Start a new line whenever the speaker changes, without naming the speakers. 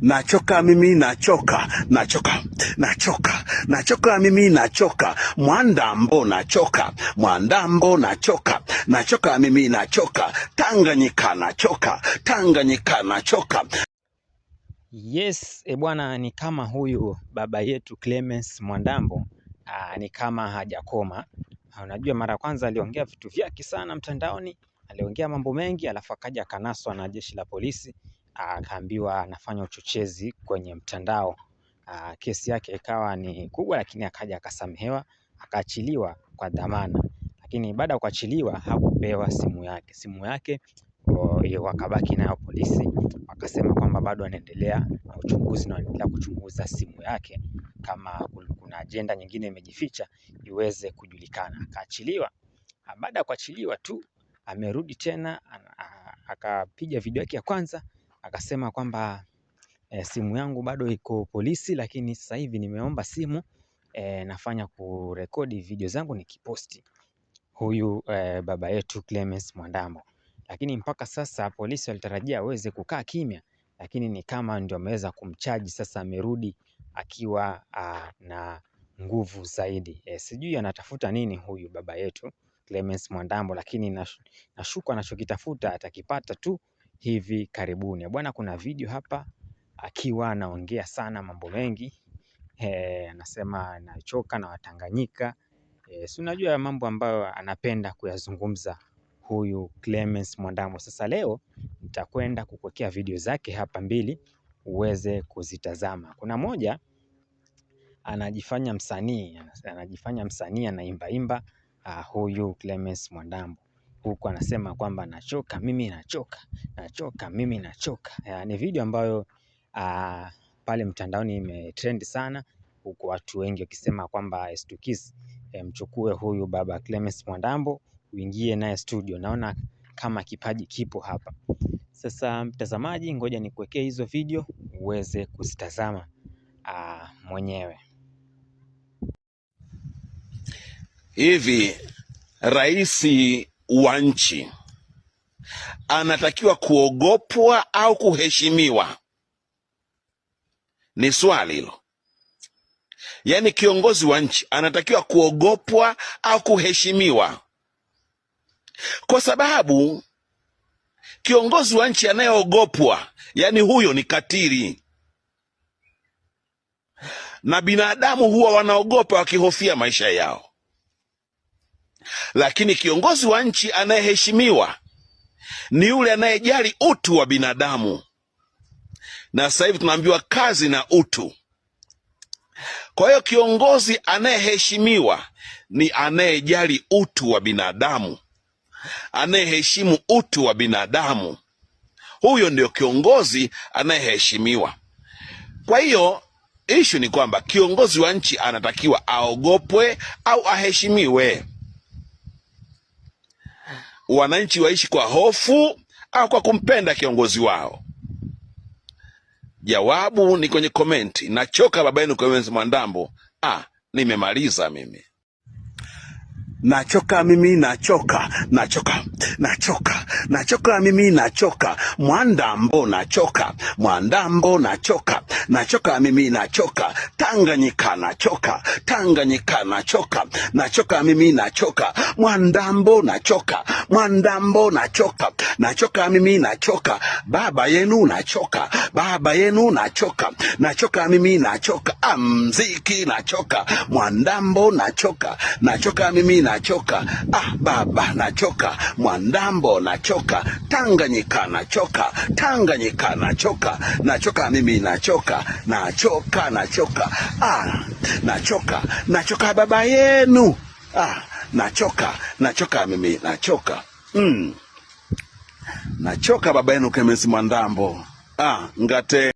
Nachoka mimi nachoka, nachoka, nachoka, nachoka mimi nachoka, Mwandambo nachoka, Mwandambo nachoka, nachoka mimi nachoka, Tanganyika nachoka, Tanganyika nachoka.
Yes, e bwana, ni kama huyu baba yetu Clemens Mwandambo aa, ni kama hajakoma. Unajua, mara ya kwanza aliongea vitu vyake sana mtandaoni, aliongea mambo mengi, alafu akaja akanaswa na jeshi la polisi akaambiwa anafanya uchochezi kwenye mtandao. Aa, Kesi yake ikawa ni kubwa, lakini akaja akasamehewa, akaachiliwa kwa dhamana. Lakini baada ya kuachiliwa hakupewa simu yake. Simu yake wakabaki nayo polisi, wakasema kwamba bado anaendelea na uchunguzi na wanaendelea kuchunguza simu yake, kama kuna ajenda nyingine imejificha iweze kujulikana. Akaachiliwa. Baada ya kuachiliwa tu amerudi tena akapiga video yake ya kwanza akasema kwamba e, simu yangu bado iko polisi, lakini sasa hivi nimeomba simu e, nafanya kurekodi video zangu nikiposti. Huyu e, baba yetu Clemence Mwandambo, lakini mpaka sasa polisi walitarajia aweze kukaa kimya, lakini ni kama ndio ameweza kumchaji sasa, amerudi akiwa a, ah, na nguvu zaidi e, sijui anatafuta nini huyu baba yetu Clemence Mwandambo, lakini nashuku anachokitafuta atakipata tu hivi karibuni. Bwana kuna video hapa akiwa anaongea sana mambo mengi anasema anachoka na Watanganyika. E, si unajua ya mambo ambayo anapenda kuyazungumza huyu Clemens Mwandambo. Sasa leo nitakwenda kukwekea video zake hapa mbili uweze kuzitazama. Kuna moja anajifanya msanii, anajifanya msanii anaimbaimba, uh, huyu Clemens Mwandambo huku anasema kwamba nachoka, mimi nachoka, nachoka, mimi nachoka. Ni video ambayo pale mtandaoni imetrend sana huku watu wengi wakisema kwamba Estukiz eh, mchukue huyu baba Clemens Mwandambo uingie naye studio, naona kama kipaji kipo hapa. Sasa mtazamaji, ngoja nikuwekee hizo video uweze kuzitazama mwenyewe.
Hivi rais wa nchi anatakiwa kuogopwa au kuheshimiwa? Ni swali hilo. Yaani, kiongozi wa nchi anatakiwa kuogopwa au kuheshimiwa? Kwa sababu kiongozi wa nchi anayeogopwa, yaani huyo ni katili, na binadamu huwa wanaogopa wakihofia maisha yao. Lakini kiongozi wa nchi anayeheshimiwa ni yule anayejali utu wa binadamu, na sasa hivi tunaambiwa kazi na utu. Kwa hiyo kiongozi anayeheshimiwa ni anayejali utu wa binadamu, anayeheshimu utu wa binadamu. Huyo ndio kiongozi anayeheshimiwa. Kwa hiyo ishu ni kwamba kiongozi wa nchi anatakiwa aogopwe au aheshimiwe wananchi waishi kwa hofu au kwa kumpenda kiongozi wao? Jawabu ni kwenye komenti. Nachoka baba yenu Clemence Mwandambo. Ah, nimemaliza mimi
nachoka mimi, nachoka, nachoka, nachoka, nachoka mimi, nachoka, Mwandambo nachoka, Mwandambo nachoka, nachoka mimi, nachoka, Tanganyika nachoka, Tanganyika nachoka, nachoka mimi, nachoka, Mwandambo nachoka, Mwandambo nachoka, nachoka mimi, nachoka, baba yenu nachoka, baba yenu nachoka, nachoka mimi, nachoka, amziki ah, nachoka, Mwandambo nachoka, nachoka mimi, nachoka nachoka, ah baba nachoka, Mwandambo nachoka, Tanganyika nachoka, Tanganyika nachoka, nachoka mimi nachoka, nachoka nachoka, ah nachoka, nachoka baba yenu, ah nachoka, nachoka mimi nachoka, mm. Nachoka baba yenu Kemesi Mwandambo, ah ngate